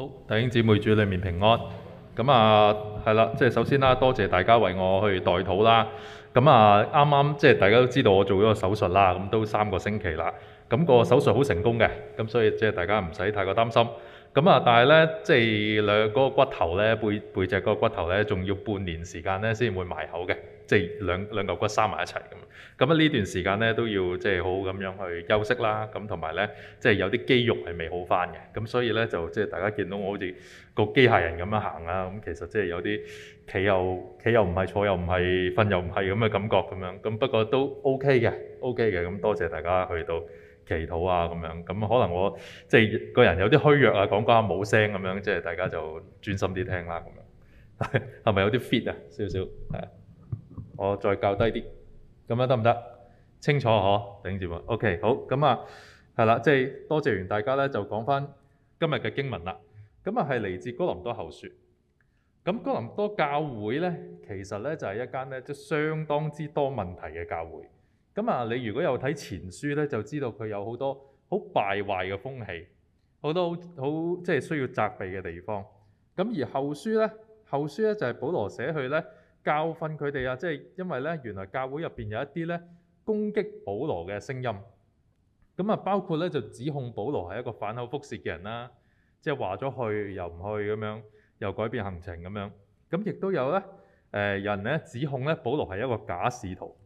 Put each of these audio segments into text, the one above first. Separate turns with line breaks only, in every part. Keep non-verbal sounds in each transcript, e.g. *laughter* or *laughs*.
好，弟兄姊妹主裏面平安。咁啊，係啦，即係首先啦，多謝大家為我去代禱啦。咁啊，啱啱即係大家都知道我做咗個手術啦，咁都三個星期啦。咁個手術好成功嘅，咁所以即係大家唔使太過擔心。咁啊，但係咧，即係兩個骨頭咧，背背脊個骨頭咧，仲要半年時間咧，先會埋口嘅。即係兩兩嚿骨生埋一齊咁咁啊，呢段時間咧，都要即係、就是、好好咁樣去休息啦。咁同埋咧，即、就、係、是、有啲肌肉係未好翻嘅。咁所以咧就即係、就是、大家見到我好似個機械人咁樣行啊。咁其實即係有啲企又企又唔係，坐又唔係，瞓又唔係咁嘅感覺咁樣。咁不過都 OK 嘅，OK 嘅。咁多謝大家去到祈禱啊，咁樣。咁可能我即係個人有啲虛弱啊，講講下冇聲咁樣。即、就、係、是、大家就專心啲聽啦咁樣。係咪有啲 fit 啊？少少係啊。我再教低啲，咁樣得唔得？清楚嗬，頂住嘛。OK，好咁啊，係啦，即係多謝完大家咧，就講翻今日嘅經文啦。咁啊，係嚟自哥林多後書。咁哥林多教會咧，其實咧就係一間咧即係相當之多問題嘅教會。咁啊，你如果有睇前書咧，就知道佢有好多好敗壞嘅風氣，好多好好即係需要責備嘅地方。咁而後書咧，後書咧就係保羅寫去咧。教訓佢哋啊，即係因為咧，原來教會入邊有一啲咧攻擊保羅嘅聲音，咁啊包括咧就指控保羅係一個反口覆舌嘅人啦，即係話咗去又唔去咁樣，又改變行程咁樣，咁亦都有咧誒人咧指控咧保羅係一個假使徒，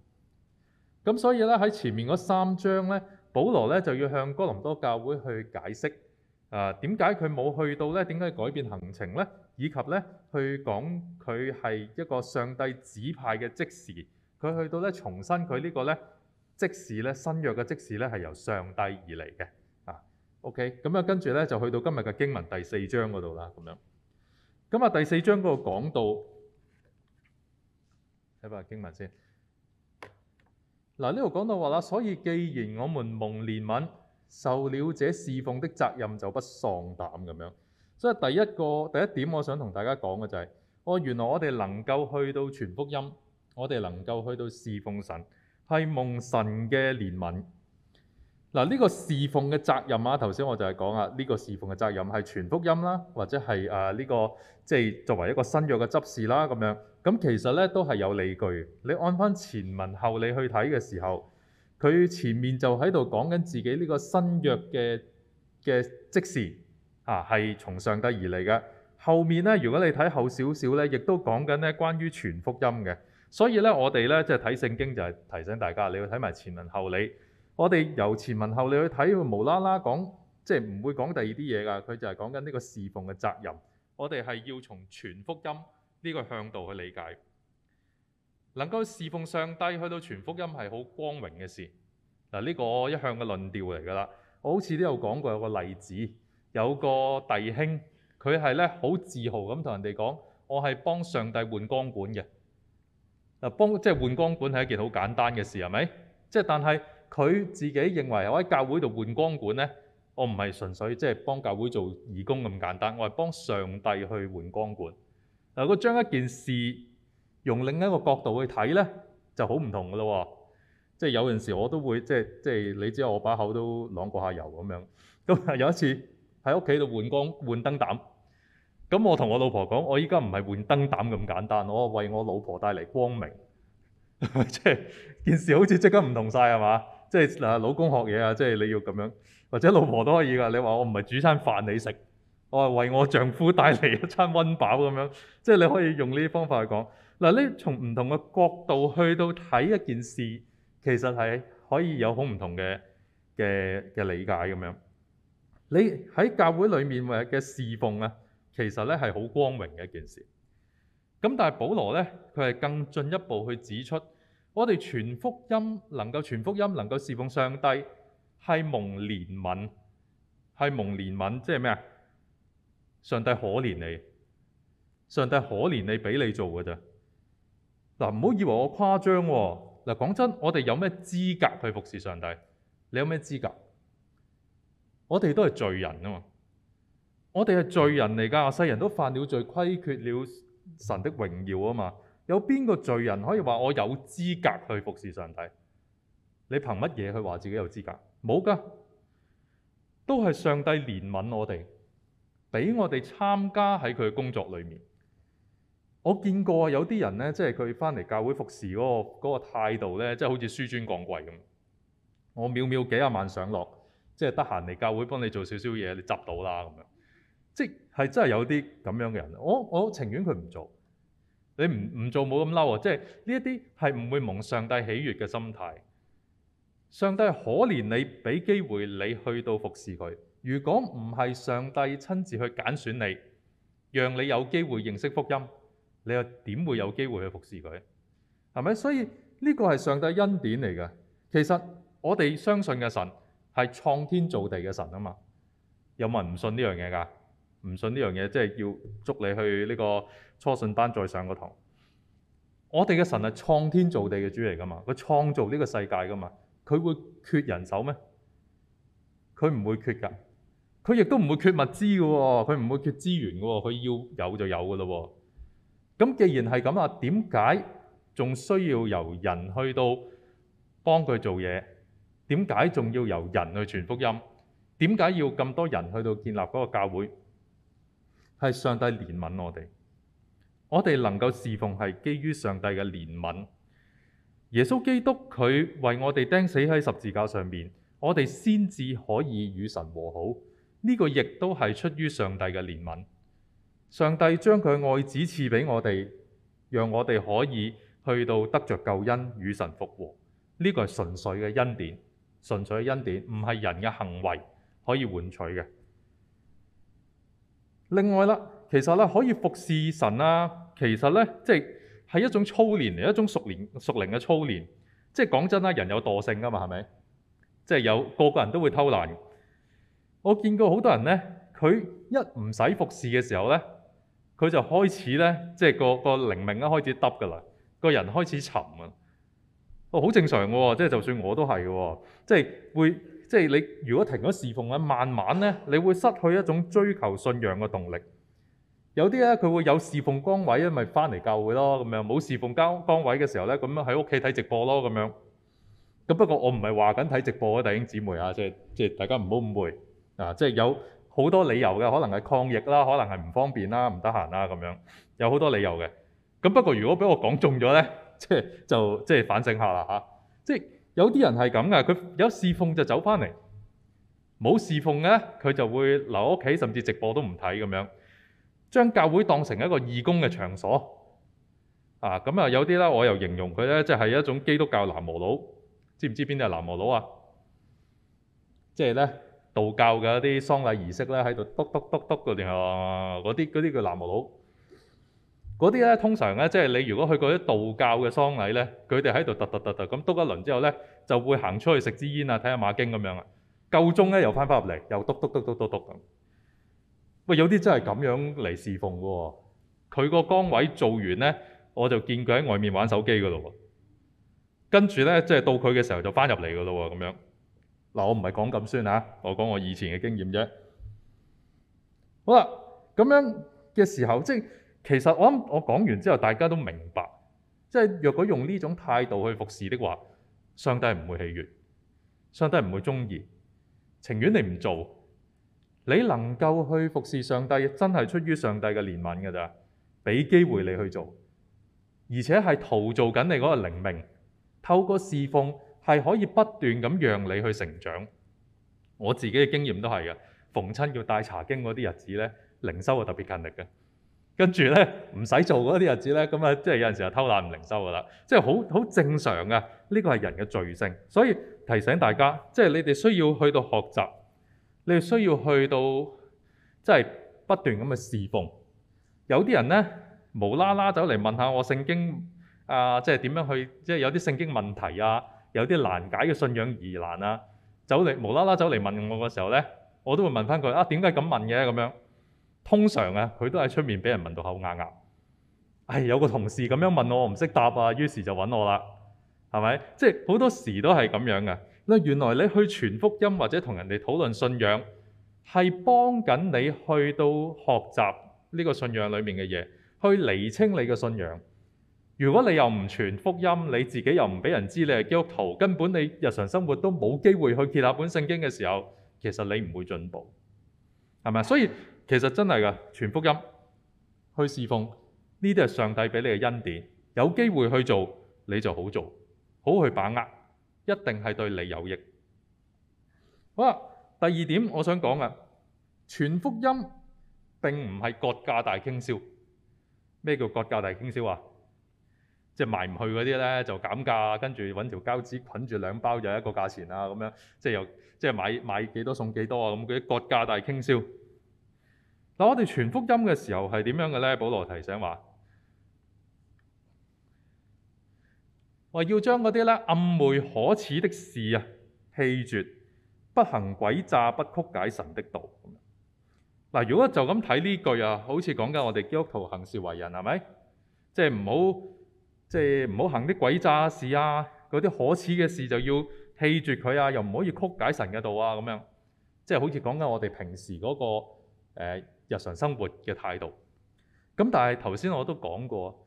咁所以咧喺前面嗰三章咧，保羅咧就要向哥林多教會去解釋啊點解佢冇去到咧？點解改變行程咧？以及咧，去講佢係一個上帝指派嘅執事，佢去到咧重申佢呢個咧執事咧新約嘅執事咧係由上帝而嚟嘅啊。OK，咁啊跟住咧就去到今日嘅經文第四章嗰度啦。咁樣，咁啊第四章嗰度講到，睇下經文先。嗱，呢度講到話啦，所以既然我們蒙憐憫，受了這侍奉的責任，就不喪膽咁樣。所以第一個第一點，我想同大家講嘅就係、是，我、哦、原來我哋能夠去到全福音，我哋能夠去到侍奉神，係蒙神嘅憐憫。嗱、這、呢個侍奉嘅責任啊，頭先我就係講啊，呢、這個侍奉嘅責任係全福音啦，或者係啊呢、這個即係作為一個新約嘅執事啦咁樣。咁其實咧都係有理據。你按翻前文後理去睇嘅時候，佢前面就喺度講緊自己呢個新約嘅嘅即時。啊，係從上帝而嚟嘅。後面呢，如果你睇後少少呢，亦都講緊呢關於全福音嘅。所以呢，我哋呢，即係睇聖經就係提醒大家，你要睇埋前文後理。我哋由前文後理去睇，佢無啦啦講，即係唔會講第二啲嘢噶。佢就係講緊呢個侍奉嘅責任。我哋係要從全福音呢個向度去理解，能夠侍奉上帝去到全福音係好光榮嘅事。嗱，呢個一向嘅論調嚟噶啦。我好似都有講過一個例子。有個弟兄，佢係咧好自豪咁同人哋講：我係幫上帝換光管嘅。嗱，幫即係、就是、換光管係一件好簡單嘅事，係咪？即係但係佢自己認為我喺教會度換光管咧，我唔係純粹即係幫教會做義工咁簡單，我係幫上帝去換光管。如果將一件事用另一個角度去睇咧，就好唔同噶咯。即、就、係、是、有陣時我都會即係即係，你知我把口都攞過下油咁樣。咁啊有一次。喺屋企度換光換燈膽，咁我同我老婆講：我依家唔係換燈膽咁簡單，我為我老婆帶嚟光明，即係件事好似即刻唔同晒，係嘛？即係老公學嘢啊，即係你要咁樣，或者老婆都可以㗎。你話我唔係煮餐飯你食，我係為我丈夫帶嚟一餐溫飽咁樣，即係你可以用呢啲方法去講嗱。呢從唔同嘅角度去到睇一件事，其實係可以有好唔同嘅嘅嘅理解咁樣。你喺教會裏面嘅侍奉啊，其實咧係好光榮嘅一件事。咁但係保羅咧，佢係更進一步去指出，我哋傳福音，能夠傳福音，能夠侍奉上帝係蒙，係蒙憐憫，係蒙憐憫，即係咩啊？上帝可憐你，上帝可憐你，俾你做噶咋。嗱，唔好以為我誇張喎。嗱，講真，我哋有咩資格去服侍上帝？你有咩資格？我哋都係罪人啊嘛！我哋係罪人嚟噶，世人都犯了罪，虧缺了神的榮耀啊嘛！有邊個罪人可以話我有資格去服侍上帝？你憑乜嘢去話自己有資格？冇噶，都係上帝憐憫我哋，俾我哋參加喺佢嘅工作裏面。我見過啊，有啲人呢，即係佢翻嚟教會服侍嗰個嗰個態度呢，即係好似紆尊降貴咁。我秒秒幾十萬上落。即係得閒嚟教會幫你做少少嘢，你執到啦，咁樣，即係真係有啲咁樣嘅人。我我情願佢唔做，你唔唔做冇咁嬲啊！即係呢一啲係唔會蒙上帝喜悅嘅心態。上帝係可憐你，俾機會你去到服侍佢。如果唔係上帝親自去揀選你，讓你有機會認識福音，你又點會有機會去服侍佢？係咪？所以呢個係上帝恩典嚟嘅。其實我哋相信嘅神，係創天造地嘅神啊嘛，有冇人唔信呢樣嘢㗎？唔信呢樣嘢，即係要捉你去呢個初信班再上個堂。我哋嘅神係創天造地嘅主嚟㗎嘛，佢創造呢個世界㗎嘛，佢會缺人手咩？佢唔會缺㗎，佢亦都唔會缺物資㗎喎，佢唔會缺資源㗎喎，佢要有就有㗎喇喎。咁既然係咁啊，點解仲需要由人去到幫佢做嘢？點解仲要由人去傳福音？點解要咁多人去到建立嗰個教會？係上帝憐憫我哋，我哋能夠侍奉係基於上帝嘅憐憫。耶穌基督佢為我哋釘死喺十字架上面，我哋先至可以與神和好。呢個亦都係出於上帝嘅憐憫。上帝將佢愛子賜俾我哋，讓我哋可以去到得着救恩，與神復和。呢個係純粹嘅恩典。純粹係恩典，唔係人嘅行為可以換取嘅。另外啦，其實咧可以服侍神啊，其實呢，即係係一種操練嚟，一種屬靈屬靈嘅操練。即係講真啦，人有惰性噶嘛，係咪？即係有個個人都會偷懶。我見過好多人呢，佢一唔使服侍嘅時候呢，佢就開始呢，即係個個靈命咧開始耷噶啦，個人開始沉啊。好正常嘅喎，即係就算我都係嘅喎，即係會，即係你如果停咗侍奉咧，慢慢咧，你會失去一種追求信仰嘅動力。有啲咧，佢會有侍奉崗位咧，咪翻嚟教會咯，咁樣冇侍奉崗崗位嘅時候咧，咁樣喺屋企睇直播咯，咁樣。咁不過我唔係話緊睇直播嘅弟兄姊妹啊，即係即係大家唔好誤會啊，即係有好多理由嘅，可能係抗疫啦，可能係唔方便啦，唔得閒啦，咁樣有好多理由嘅。咁不過如果俾我講中咗咧～即係就即係、就是、反省下啦嚇！即係有啲人係咁噶，佢有侍奉就走翻嚟，冇侍奉咧佢就會留屋企，甚至直播都唔睇咁樣，將教會當成一個義工嘅場所啊！咁啊有啲咧我又形容佢咧，即係一種基督教南無佬，知唔知邊啲係南無佬啊？即係咧道教嘅一啲喪禮儀式咧，喺度篤篤篤篤嘅，定係嗰啲嗰啲叫南無佬。嗰啲咧通常咧，即係你如果去過啲道教嘅喪禮咧，佢哋喺度篤篤篤篤咁篤一輪之後咧，就會行出去食支煙啊，睇下馬經咁樣啊。夠鐘咧又翻翻入嚟，又篤篤篤篤篤篤咁。喂，有啲真係咁樣嚟侍奉嘅喎。佢個崗位做完咧，我就見佢喺外面玩手機㗎喇喎。跟住咧，即係到佢嘅時候就翻入嚟㗎喇喎，咁樣。嗱，我唔係講咁算吓，我講我以前嘅經驗啫。好啦，咁樣嘅時候即係。其實我諗我講完之後，大家都明白，即係若果用呢種態度去服侍的話，上帝唔會喜悅，上帝唔會中意。情願你唔做，你能夠去服侍上帝，真係出於上帝嘅憐憫㗎咋，俾機會你去做，而且係陶造緊你嗰個靈命。透過侍奉係可以不斷咁讓你去成長。我自己嘅經驗都係嘅，逢親要帶查經嗰啲日子咧，靈修係特別勤力嘅。跟住咧唔使做嗰啲日子咧，咁啊即係有陣時候就偷懶唔靈修噶啦，即係好好正常㗎，呢個係人嘅罪性，所以提醒大家，即係你哋需要去到學習，你哋需要去到即係不斷咁去侍奉。有啲人咧無啦啦走嚟問下我聖經啊、呃，即係點樣去，即係有啲聖經問題啊，有啲難解嘅信仰疑難啊，走嚟無啦啦走嚟問我嘅時候咧，我都會問翻佢啊，點解咁問嘅咁樣？通常啊，佢都喺出面俾人問到口啞啞。係、哎、有個同事咁樣問我，我唔識答啊，於是就揾我啦，係咪？即係好多時都係咁樣嘅。原來你去傳福音或者同人哋討論信仰，係幫緊你去到學習呢個信仰裡面嘅嘢，去釐清你嘅信仰。如果你又唔傳福音，你自己又唔俾人知你係基督徒，根本你日常生活都冇機會去揭下本聖經嘅時候，其實你唔會進步，係咪？所以。其實真係㗎，傳福音去侍奉，呢啲係上帝俾你嘅恩典。有機會去做，你就好做，好去把握，一定係對你有益。好啦，第二點我想講啊，傳福音並唔係割價大傾銷。咩叫割價大傾銷啊？即係賣唔去嗰啲咧，就減價，跟住揾條膠紙捆住兩包又一個價錢啊，咁樣即係又即係買買幾多送幾多啊，咁嗰啲割價大傾銷。嗱，我哋傳福音嘅時候係點樣嘅咧？保羅提醒話：話要將嗰啲咧暗昧可恥的事啊，棄絕，不行詭詐，不曲解神的道。嗱，如果就咁睇呢句啊，好似講緊我哋基督徒行事為人係咪？即係唔好，即係唔好行啲詭詐事啊，嗰啲可恥嘅事就要棄絕佢啊，又唔可以曲解神嘅道啊，咁樣，即係好似講緊我哋平時嗰個，呃日常生活嘅態度，咁但係頭先我都講過，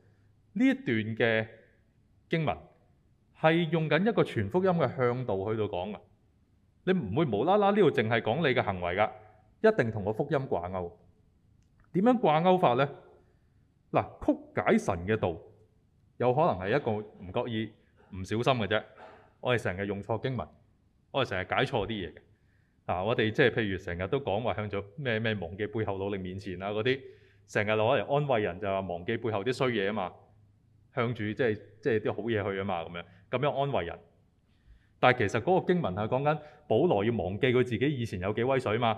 呢一段嘅經文係用緊一個全福音嘅向導去到講噶，你唔會無啦啦呢度淨係講你嘅行為㗎，一定同個福音掛鈎。點樣掛鈎法呢？嗱，曲解神嘅道有可能係一個唔覺意、唔小心嘅啫。我哋成日用錯經文，我哋成日解錯啲嘢嘅。啊！我哋即係譬如成日都講話向咗咩咩忘記背後努力面前啊嗰啲，成日攞嚟安慰人就話忘記背後啲衰嘢啊嘛，向住即係即係啲好嘢去啊嘛咁樣，咁樣安慰人。但係其實嗰個經文係講緊保羅要忘記佢自己以前有幾威水啊嘛，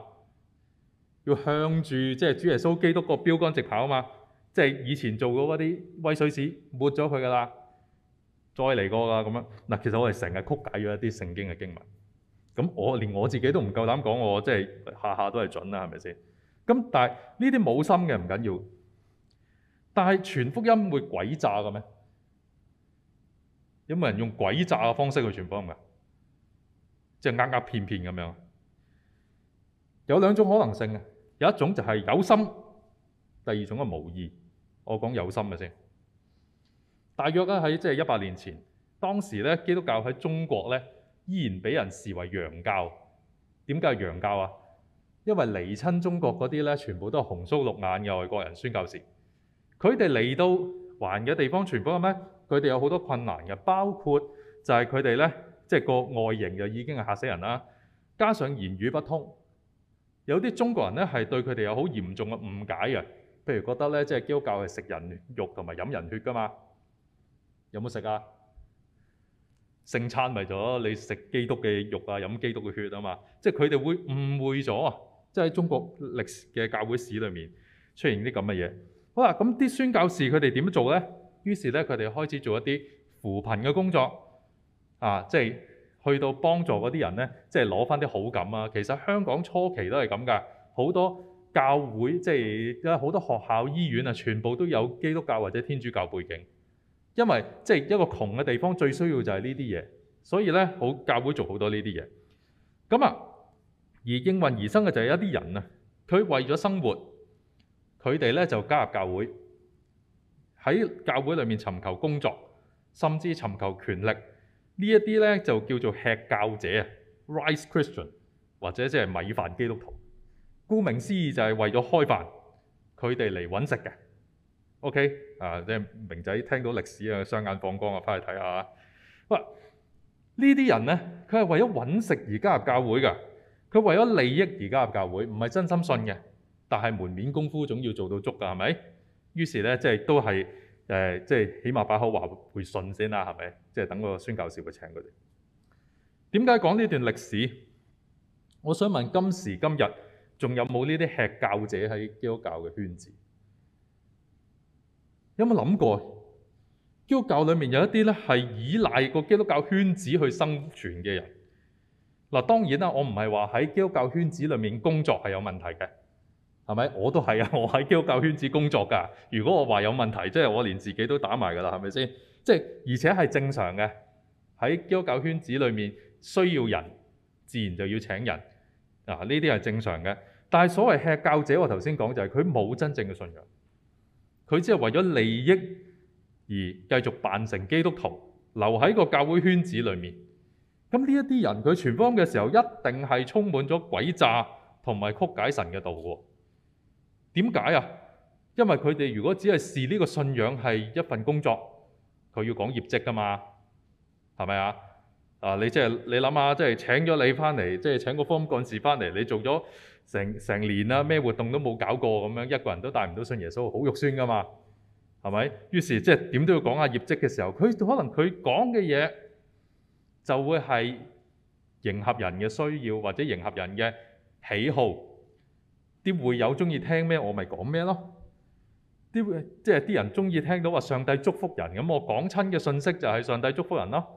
要向住即係主耶穌基督個標杆直跑啊嘛，即係以前做過嗰啲威水史，抹咗佢噶啦，再嚟過啦咁樣。嗱，其實我哋成日曲解咗一啲聖經嘅經文。咁我連我自己都唔夠膽講，我即係下下都係準啦，係咪先？咁但係呢啲冇心嘅唔緊要，但係但傳福音會詭詐嘅咩？有冇人用詭詐嘅方式去傳福音㗎？即係呃呃騙騙咁樣？有兩種可能性嘅，有一種就係有心，第二種咧無意。我講有心嘅先。大約咧喺即係一百年前，當時咧基督教喺中國咧。依然俾人視為洋教，點解係洋教啊？因為嚟親中國嗰啲咧，全部都係紅鬚綠眼嘅外國人宣教士。佢哋嚟到華人嘅地方，全部係咩？佢哋有好多困難嘅，包括就係佢哋咧，即係個外形就已經係嚇死人啦。加上言語不通，有啲中國人咧係對佢哋有好嚴重嘅誤解嘅，譬如覺得咧，即係基督教係食人肉同埋飲人血㗎嘛，有冇食啊？聖餐為咗你食基督嘅肉啊，飲基督嘅血啊嘛，即係佢哋會誤會咗，即係喺中國歷史嘅教會史裏面出現啲咁嘅嘢。好啦，咁啲宣教士佢哋點做咧？於是咧，佢哋開始做一啲扶貧嘅工作啊，即係去到幫助嗰啲人咧，即係攞翻啲好感啊。其實香港初期都係咁㗎，好多教會即係好多學校、醫院啊，全部都有基督教或者天主教背景。因為即係一個窮嘅地方，最需要就係呢啲嘢，所以咧好教會做好多呢啲嘢。咁啊，而應運而生嘅就係一啲人啊，佢為咗生活，佢哋咧就加入教會，喺教會裏面尋求工作，甚至尋求權力。呢一啲咧就叫做吃教者啊，rice Christian 或者即係米飯基督徒。顧名思義就係為咗開飯，佢哋嚟搵食嘅。OK，啊，即係明仔聽到歷史啊，雙眼放光啊，返去睇下。喂，呢啲人咧，佢係為咗揾食而加入教會㗎，佢為咗利益而加入教會，唔係真心信嘅。但係門面功夫總要做到足㗎，係咪？於是咧，即係都係誒、呃，即係起碼把口話會信先啦，係咪？即係等個孫教授去請佢哋。點解講呢段歷史？我想問今時今日仲有冇呢啲吃教者喺基督教嘅圈子？有冇諗過？基督教裏面有一啲咧，係依賴個基督教圈子去生存嘅人。嗱，當然啦，我唔係話喺基督教圈子裏面工作係有問題嘅，係咪？我都係啊，我喺基督教圈子工作噶。如果我話有問題，即係我連自己都打埋噶啦，係咪先？即係而且係正常嘅。喺基督教圈子裏面需要人，自然就要請人。嗱、啊，呢啲係正常嘅。但係所謂吃教者，我頭先講就係佢冇真正嘅信仰。佢只係為咗利益而繼續扮成基督徒，留喺個教會圈子裏面。咁呢一啲人，佢傳方嘅時候一定係充滿咗詭詐同埋曲解神嘅道。點解啊？因為佢哋如果只係視呢個信仰係一份工作，佢要講業績噶嘛。係咪啊？啊，你即係你諗下，即係請咗你翻嚟，即係請個方向幹事翻嚟，你做咗。成成年啦，咩活動都冇搞過咁樣，一個人都帶唔到信耶穌，好肉酸噶嘛？係咪？於是即係點都要講下業績嘅時候，佢可能佢講嘅嘢就會係迎合人嘅需要或者迎合人嘅喜好。啲會友中意聽咩，我咪講咩咯。啲即係啲人中意聽到話上帝祝福人，咁我講親嘅信息就係上帝祝福人咯。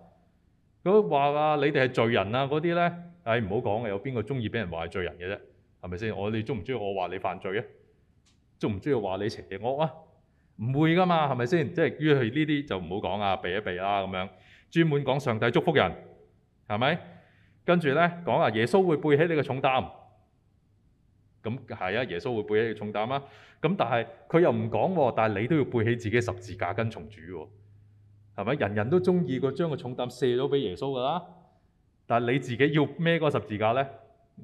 咁話啊，你哋係罪人啊嗰啲呢，唉唔好講嘅，有邊個中意俾人話係罪人嘅啫？係咪先？你喜喜我你中唔中意我話你犯罪啊？中唔中意話你邪惡啊？唔會噶嘛，係咪先？即係於係呢啲就唔好講啊，避一避啦咁樣。專門講上帝祝福人，係咪？跟住咧講啊，耶穌會背起你個重擔。咁係啊，耶穌會背起你個重擔啊。咁但係佢又唔講，但係你都要背起自己十字架跟從主，係咪？人人都中意個將個重擔卸咗俾耶穌噶啦，但係你自己要孭個十字架咧。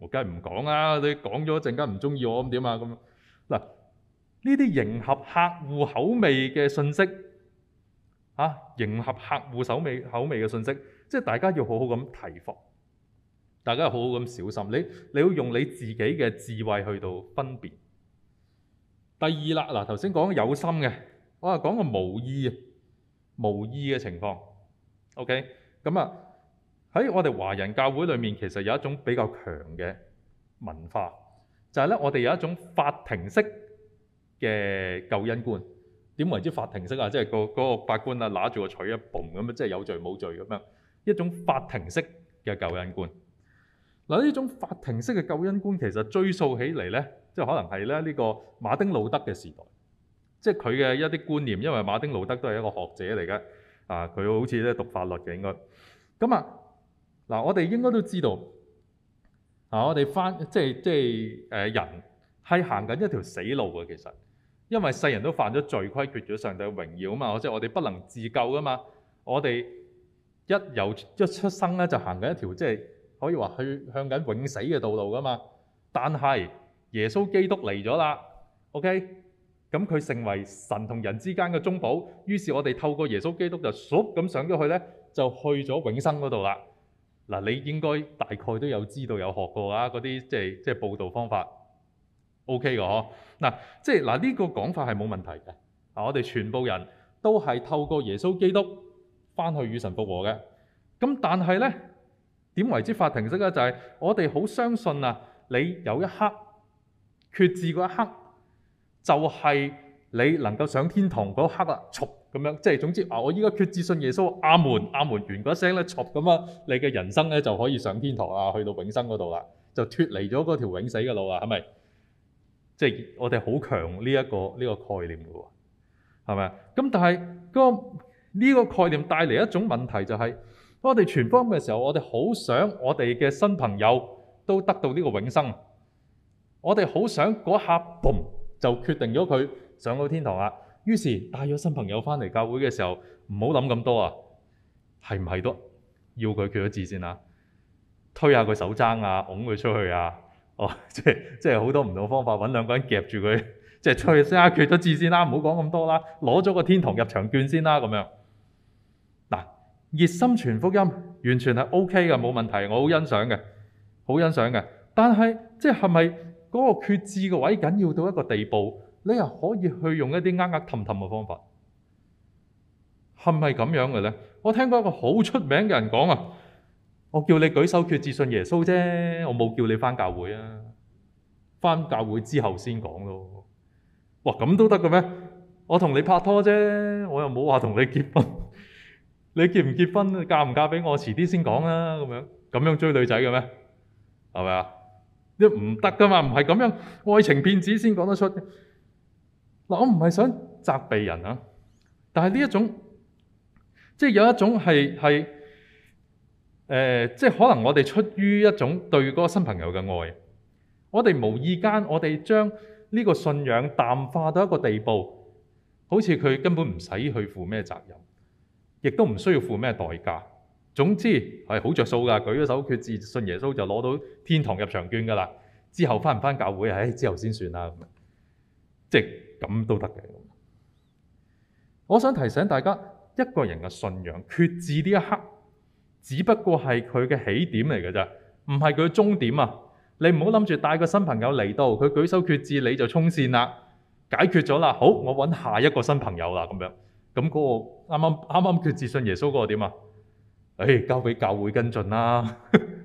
我梗係唔講啦！你講咗一陣間唔中意我咁點啊？咁嗱，呢啲迎合客戶口味嘅信息啊，迎合客戶首味口味嘅信息，即係大家要好好咁提防，大家好好咁小心。你你要用你自己嘅智慧去到分辨。第二啦，嗱頭先講有心嘅，我啊講個無意嘅無意嘅情況。OK，咁啊。喺我哋華人教會裏面，其實有一種比較強嘅文化，就係咧我哋有一種法庭式嘅救恩觀。點為之法庭式啊？即係個嗰個法官啊，攞住個錘一 boom 咁樣，即係有罪冇罪咁樣一種法庭式嘅救恩觀。嗱，呢種法庭式嘅救恩觀，其實追溯起嚟咧，即係可能係咧呢個馬丁路德嘅時代，即係佢嘅一啲觀念。因為馬丁路德都係一個學者嚟嘅啊，佢好似咧讀法律嘅應該咁啊。嗱，我哋應該都知道，啊，我哋翻即係即係誒、呃、人係行緊一條死路嘅，其實，因為世人都犯咗罪，虧缺咗上帝嘅榮耀啊嘛，即係我哋不能自救噶嘛。我哋一由一出生咧，就行緊一條即係可以話去向緊永死嘅道路噶嘛。但係耶穌基督嚟咗啦，OK，咁佢成為神同人之間嘅中保，於是我哋透過耶穌基督就唰咁上咗去咧，就去咗永生嗰度啦。嗱，你應該大概都有知道、有學過啊嗰啲即係即係佈道方法，OK 嘅。嗱，即係嗱呢個講法係冇問題嘅。啊，我哋全部人都係透過耶穌基督翻去與神復和嘅。咁但係呢點為之法庭式咧？就係我哋好相信啊，你有一刻決志嗰一刻，就係你能夠上天堂嗰一刻啊！咁樣即係總之啊！我依家決志信耶穌，阿門阿門完嗰聲咧，咁啊，你嘅人生咧就可以上天堂啊，去到永生嗰度啦，就脱離咗嗰條永死嘅路啦，係咪？即係我哋好強呢一個呢個概念嘅喎，係咪？咁但係呢個概念帶嚟一種問題就係，我哋傳福音嘅時候，我哋好想我哋嘅新朋友都得到呢個永生，我哋好想嗰刻嘣就決定咗佢上到天堂啊！於是帶咗新朋友翻嚟教會嘅時候，唔好諗咁多啊，係唔係都要佢決咗志先啦？推下佢手踭啊，擁佢出去啊，哦，即係即係好多唔同的方法，揾兩個人夾住佢，即係出去先啊，決咗志先啦，唔好講咁多啦，攞咗個天堂入場券先啦，咁樣嗱，熱心傳福音完全係 O K 嘅，冇問題，我好欣賞嘅，好欣賞嘅，但係即係係咪嗰個決志嘅位緊要到一個地步？你又可以去用一啲呃呃氹氹嘅方法，係咪咁樣嘅咧？我聽過一個好出名嘅人講啊，我叫你舉手決志信耶穌啫，我冇叫你翻教會啊，翻教會之後先講咯。哇，咁都得嘅咩？我同你拍拖啫，我又冇話同你結婚，你結唔結婚，嫁唔嫁俾我，遲啲先講啦，咁樣咁樣追女仔嘅咩？係咪啊？啲唔得噶嘛，唔係咁樣，愛情騙子先講得出。嗱，我唔係想責備人啊，但係呢一種，即係有一種係、呃、即係可能我哋出於一種對嗰個新朋友嘅愛，我哋無意間，我哋將呢個信仰淡化到一個地步，好似佢根本唔使去負咩責任，亦都唔需要負咩代價。總之係好着數㗎，舉咗手決志信耶穌就攞到天堂入場券㗎啦。之後翻唔翻教會，誒、哎，之後先算啦。即咁都得嘅。我想提醒大家，一個人嘅信仰決志呢一刻，只不過係佢嘅起點嚟嘅啫，唔係佢嘅終點啊！你唔好諗住帶個新朋友嚟到，佢舉手決志你就衝線啦，解決咗啦。好，我揾下一個新朋友啦，咁樣。咁嗰個啱啱啱啱決志信耶穌嗰個點啊？誒、哎，交俾教會跟進啦、啊，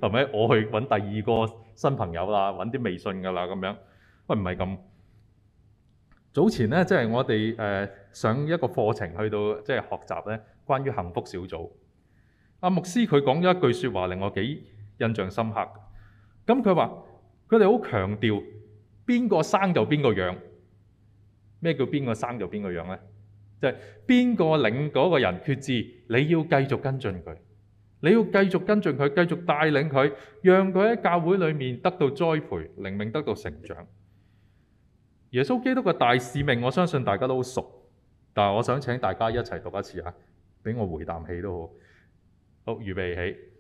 係咪？我去揾第二個新朋友啦，揾啲微信㗎啦，咁樣。喂，唔係咁。早前咧，即係我哋誒上一個課程去到即係學習咧，關於幸福小組。阿牧師佢講咗一句說話，令我幾印象深刻。咁佢話：佢哋好強調邊個生就邊個養。咩叫邊個生就邊個養咧？即係邊個領嗰個人決志，你要繼續跟進佢，你要繼續跟進佢，繼續帶領佢，讓佢喺教會裏面得到栽培，靈命得到成長。耶穌基督嘅大使命，我相信大家都好熟，但係我想請大家一齊讀一次啊，俾我回啖氣都好，好，預備起。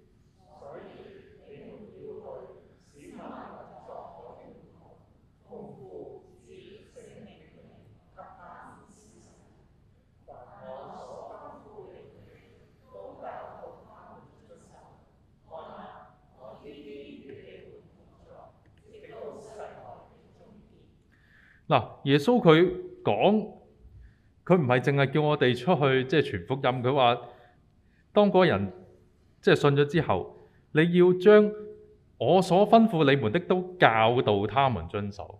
耶穌佢講，佢唔係淨係叫我哋出去即係傳福音。佢話：當嗰人即係、就是、信咗之後，你要將我所吩咐你們的都教導他們遵守。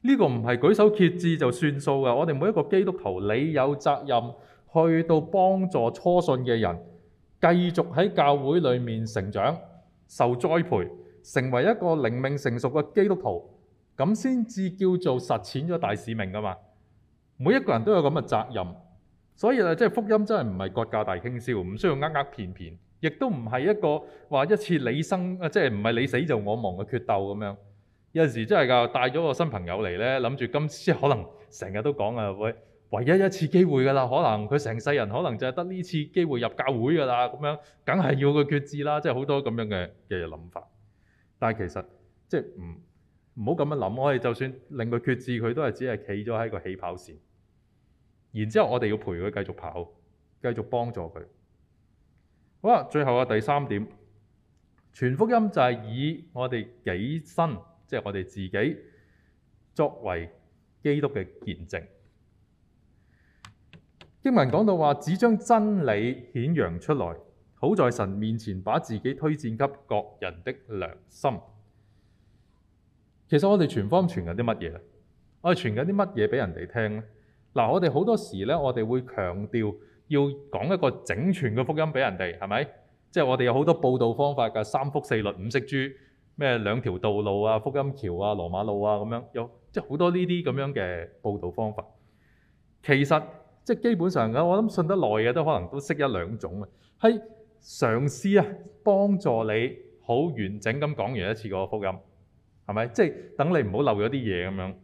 呢、這個唔係舉手決志就算數噶。我哋每一個基督徒，你有責任去到幫助初信嘅人，繼續喺教會裡面成長、受栽培，成為一個靈命成熟嘅基督徒。咁先至叫做實踐咗大使命噶嘛，每一個人都有咁嘅責任，所以啊，即係福音真係唔係割價大傾銷，唔需要呃呃騙騙，亦都唔係一個話一次你生啊，即係唔係你死就我亡嘅決鬥咁樣。有陣時真係㗎，帶咗個新朋友嚟咧，諗住今次可能成日都講啊，喂，唯一一次機會㗎啦，可能佢成世人可能就係得呢次機會入教會㗎啦，咁樣梗係要佢決志啦，即係好多咁樣嘅嘅諗法。但係其實即係唔。唔好咁樣諗，我哋就算令佢決志，佢都係只係企咗喺個起跑線。然之後我哋要陪佢繼續跑，繼續幫助佢。好啦，最後嘅第三點，全福音就係以我哋己身，即係我哋自己作為基督嘅見證。經文講到話，只將真理顯揚出來，好在神面前把自己推薦給各人的良心。其實我哋傳福音傳緊啲乜嘢咧？我哋傳緊啲乜嘢俾人哋聽咧？嗱，我哋好多時咧，我哋會強調要講一個整全嘅福音俾人哋，係咪？即係我哋有好多佈道方法㗎，三福四律五色珠，咩兩條道路啊、福音橋啊、羅馬路啊咁樣，有即係好多呢啲咁樣嘅佈道方法。其實即係基本上嘅，我諗信得耐嘅都可能都識一兩種啊。係嘗試啊，幫助你好完整咁講完一次個福音。係咪？即係等你唔好漏咗啲嘢咁樣。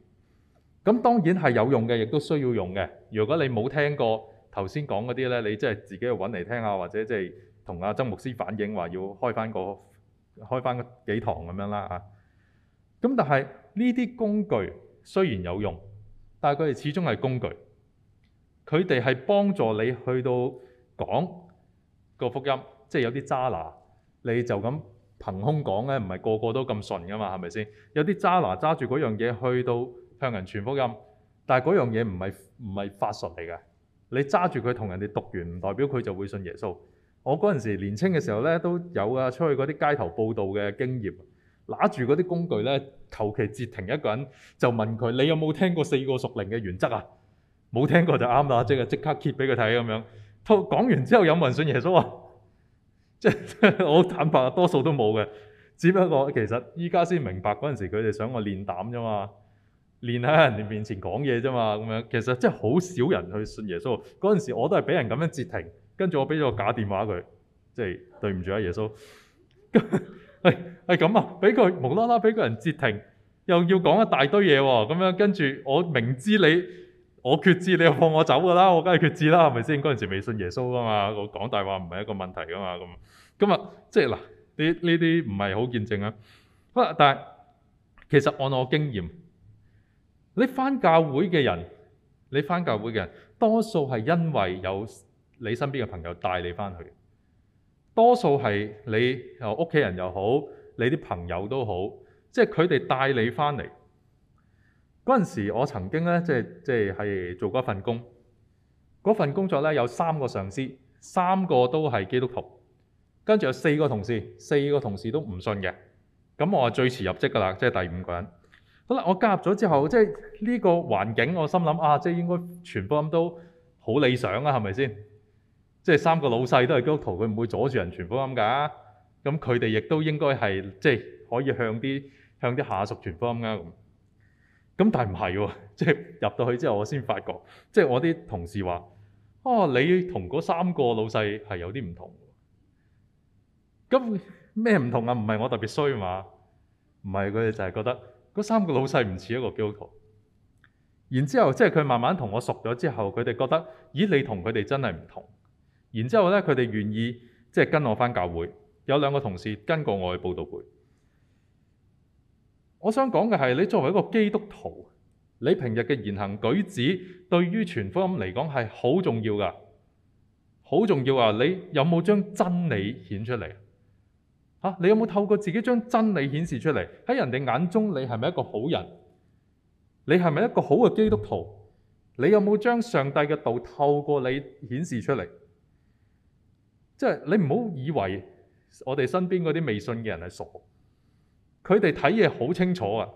咁當然係有用嘅，亦都需要用嘅。如果你冇聽過頭先講嗰啲咧，你即係自己去揾嚟聽下，或者即係同阿曾牧師反映話要開翻個開翻幾堂咁樣啦嚇。咁但係呢啲工具雖然有用，但係佢哋始終係工具。佢哋係幫助你去到講個福音，即係有啲渣拿，你就咁。憑空講咧，唔係個個都咁順噶嘛，係咪先？有啲揸拿揸住嗰樣嘢去到向人傳福音，但係嗰樣嘢唔係唔係法術嚟嘅。你揸住佢同人哋讀完，唔代表佢就會信耶穌。我嗰陣時年青嘅時候咧，都有啊，出去嗰啲街頭佈道嘅經驗，拿住嗰啲工具咧，求其截停一個人就問佢：你有冇聽過四個屬靈嘅原則啊？冇聽過就啱啦，即係即刻揭俾佢睇咁樣。講完之後有冇人信耶穌啊？ *laughs* 我好坦白，多數都冇嘅。只不過其實依家先明白嗰陣時，佢哋想我練膽啫嘛，練喺人哋面前講嘢啫嘛咁樣。其實真係好少人去信耶穌。嗰陣時我都係俾人咁樣截停，跟住我俾咗個假電話佢，即係對唔住啊耶穌。係係咁啊，俾佢無啦啦俾個人截停，又要講一大堆嘢喎。咁樣跟住我明知你。我決志，你又放我走噶啦，我梗係決志啦，係咪先？嗰陣時未信耶穌噶嘛，我講大話唔係一個問題噶嘛。咁咁啊，即係嗱，呢呢啲唔係好見證啊。好啦，但係其實按我經驗，你返教會嘅人，你返教會嘅人多數係因為有你身邊嘅朋友帶你返去，多數係你又屋企人又好，你啲朋友都好，即係佢哋帶你返嚟。嗰陣時，我曾經咧即係即係係做過一份工，嗰份工作咧有三個上司，三個都係基督徒，跟住有四個同事，四個同事都唔信嘅。咁我係最遲入職噶啦，即係第五個人。好啦，我加入咗之後，即係呢個環境，我心諗啊，即係應該傳福音都好理想啊，係咪先？即係三個老細都係基督徒，佢唔會阻住人傳福音噶。咁佢哋亦都應該係即係可以向啲向啲下屬傳福音噶。咁但係唔係喎？即係入到去之後，我先發覺，即係我啲同事話、哦：你同嗰三個老細係有啲唔同。咁咩唔同啊？唔係我特別衰嘛？唔係佢哋就係、是、覺得嗰三個老細唔似一個基督徒。然之後即係佢慢慢同我熟咗之後，佢哋覺得：咦，你同佢哋真係唔同。然之後咧，佢哋願意即係跟我返教會。有兩個同事跟過我去佈道會。我想講嘅係，你作為一個基督徒，你平日嘅言行舉止對於傳福音嚟講係好重要噶，好重要啊！你有冇將真理顯出嚟？你有冇透過自己將真理顯示出嚟？喺人哋眼中，你係咪一個好人？你係咪一個好嘅基督徒？你有冇將上帝嘅道透過你顯示出嚟？即係你唔好以為我哋身邊嗰啲未信嘅人係傻。佢哋睇嘢好清楚啊！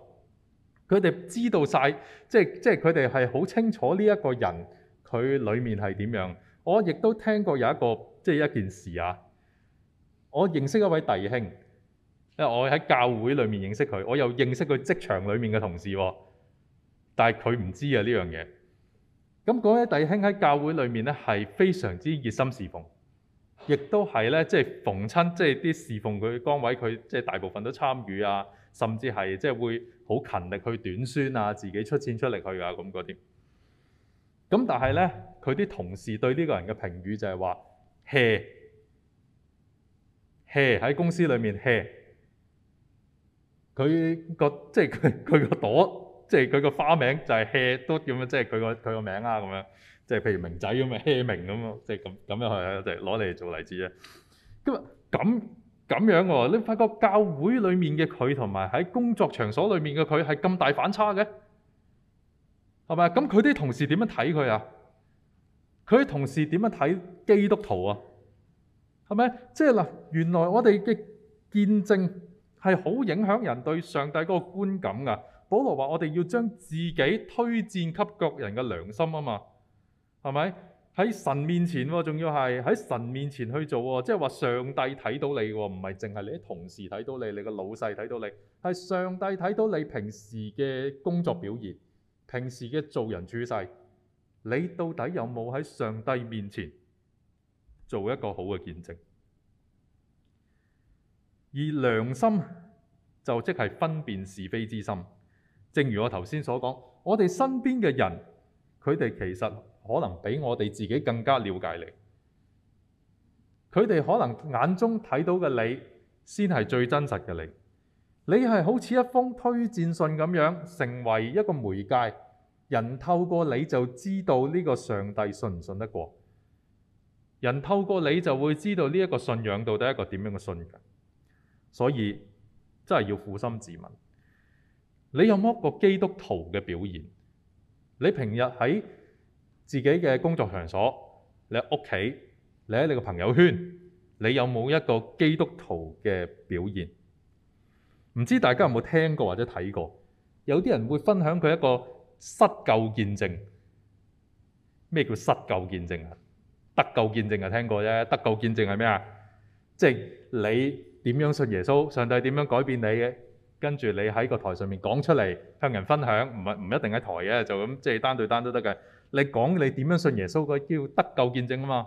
佢哋知道晒，即係即係佢哋係好清楚呢一個人，佢裏面係點樣。我亦都聽過有一個即係、就是、一件事啊！我認識一位弟兄，因為我喺教會裏面認識佢，我又認識佢職場裏面嘅同事，但係佢唔知啊呢樣嘢。咁嗰位弟兄喺教會裏面咧係非常之熱心侍奉。亦都係咧，即係逢親，即係啲侍奉佢嘅崗位，佢即係大部分都參與啊，甚至係即係會好勤力去短宣啊，自己出錢出力去啊，咁嗰啲。咁但係咧，佢啲、嗯、同事對呢個人嘅評語就係話：hea，hea 喺公司裏面 hea。佢個即係佢佢個朵，即係佢個花名就係、是、hea，都叫咁即係佢個佢個名啊咁樣。即係譬如明仔咁樣 hea 明咁咯，即係咁咁樣係啊，就攞嚟做例子啫。咁啊咁咁樣喎，你發覺教會裏面嘅佢同埋喺工作場所裏面嘅佢係咁大反差嘅，係咪啊？咁佢啲同事點樣睇佢啊？佢啲同事點樣睇基督徒啊？係咪？即係嗱，原來我哋嘅見證係好影響人對上帝嗰個觀感㗎。保羅話：我哋要將自己推薦給各人嘅良心啊嘛。係咪喺神面前喎？仲要係喺神面前去做喎？即係話上帝睇到你喎，唔係淨係你啲同事睇到你，你個老細睇到你，係上帝睇到你平時嘅工作表現、平時嘅做人處世，你到底有冇喺上帝面前做一個好嘅見證？而良心就即係分辨是非之心。正如我頭先所講，我哋身邊嘅人，佢哋其實。可能比我哋自己更加了解你，佢哋可能眼中睇到嘅你，先係最真實嘅你。你係好似一封推薦信咁樣，成為一個媒介，人透過你就知道呢個上帝信唔信得過，人透過你就會知道呢一個信仰到底一個點樣嘅信仰。所以真係要苦心自問，你有冇個基督徒嘅表現？你平日喺自己嘅工作場所，你喺屋企，你喺你嘅朋友圈，你有冇一個基督徒嘅表現？唔知大家有冇聽過或者睇過？有啲人會分享佢一個失救見證。咩叫失救見證啊？得救見證就聽過啫。得救見證係咩啊？即係你點樣信耶穌，上帝點樣改變你嘅，跟住你喺個台上面講出嚟向人分享，唔係唔一定喺台嘅，就咁即係單對單都得嘅。你講你點樣信耶穌？個叫得救見證啊嘛，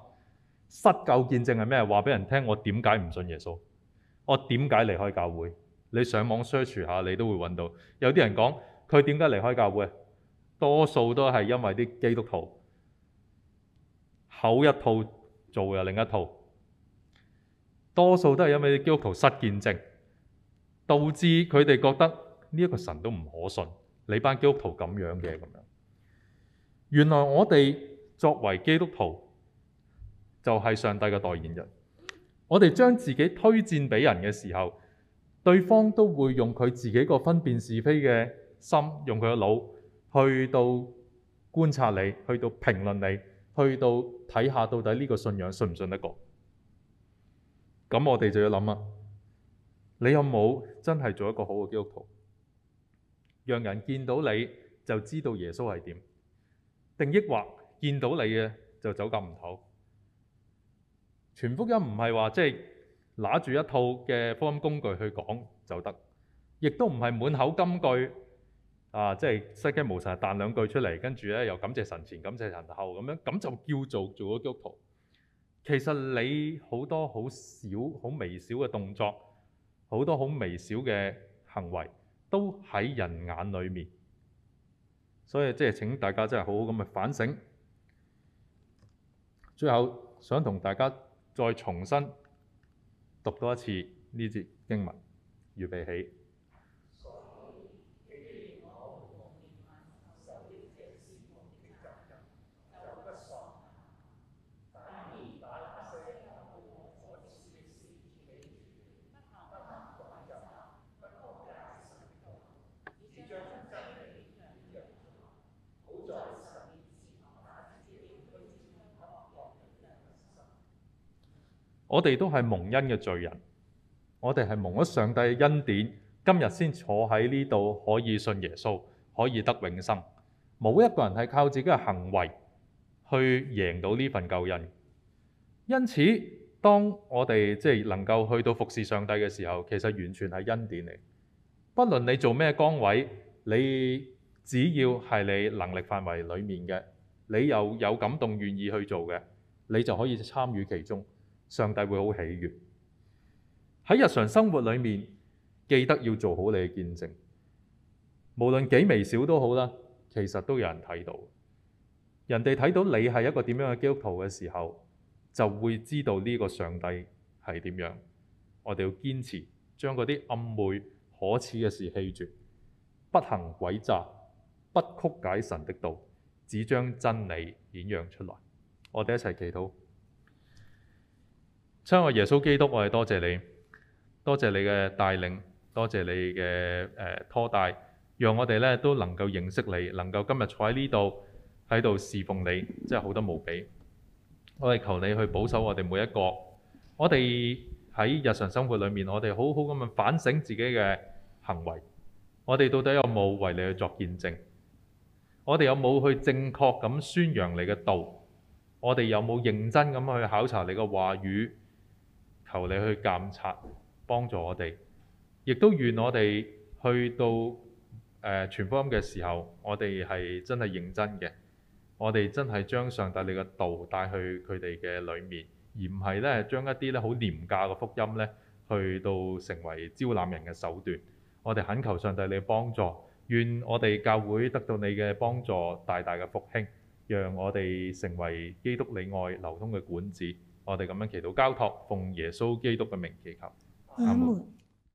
失救見證係咩？話俾人聽我點解唔信耶穌？我點解離開教會？你上網 search 下，你都會揾到有啲人講佢點解離開教會？多數都係因為啲基督徒口一套做嘅另一套，多數都係因為啲基督徒失見證，導致佢哋覺得呢一個神都唔可信。你班基督徒咁樣嘅咁樣。原來我哋作為基督徒，就係、是、上帝嘅代言人。我哋將自己推薦俾人嘅時候，對方都會用佢自己個分辨是非嘅心，用佢嘅腦去到觀察你，去到評論你，去到睇下到底呢個信仰信唔信得過。咁我哋就要諗啦、啊，你有冇真係做一個好嘅基督徒，讓人見到你就知道耶穌係點？定抑或見到你嘅就走格唔唞。全福音唔係話即係攞住一套嘅福音工具去講就得，亦都唔係滿口金句啊，即係失驚無神彈兩句出嚟，跟住咧又感謝神前感謝神後咁樣，咁就叫做做咗基督徒。其實你好多好小好微小嘅動作，好多好微小嘅行為，都喺人眼裏面。所以即係請大家真係好好咁去反省。最後想同大家再重新讀多一次呢節經文，預備起。我哋都係蒙恩嘅罪人，我哋係蒙咗上帝嘅恩典，今日先坐喺呢度可以信耶穌，可以得永生。冇一個人係靠自己嘅行為去贏到呢份救恩。因此，當我哋即係能夠去到服侍上帝嘅時候，其實完全係恩典嚟。不論你做咩崗位，你只要係你能力範圍裡面嘅，你又有感動願意去做嘅，你就可以參與其中。上帝會好喜悅。喺日常生活裏面，記得要做好你嘅見證，無論幾微小都好啦，其實都有人睇到。人哋睇到你係一個點樣嘅基督徒嘅時候，就會知道呢個上帝係點樣。我哋要堅持將嗰啲暗昧可恥嘅事棄絕，不行詭詐，不曲解神的道，只將真理顯揚出來。我哋一齊祈禱。親愛耶穌基督，我係多謝你，多謝你嘅帶領，多謝你嘅、呃、拖帶，讓我哋呢都能夠認識你，能夠今日坐喺呢度喺度侍奉你，真係好得無比。我哋求你去保守我哋每一個，我哋喺日常生活裏面，我哋好好咁樣反省自己嘅行為。我哋到底有冇為你去作見證？我哋有冇去正確咁宣揚你嘅道？我哋有冇認真咁去考察你嘅話語？求你去監察，幫助我哋，亦都願我哋去到誒傳、呃、福音嘅時候，我哋係真係認真嘅，我哋真係將上帝你嘅道帶去佢哋嘅裏面，而唔係咧將一啲咧好廉價嘅福音咧去到成為招攬人嘅手段。我哋懇求上帝你幫助，願我哋教會得到你嘅幫助，大大嘅復興，讓我哋成為基督裏愛流通嘅管子。我哋咁樣祈禱交託，奉耶穌基督嘅名祈求，阿門。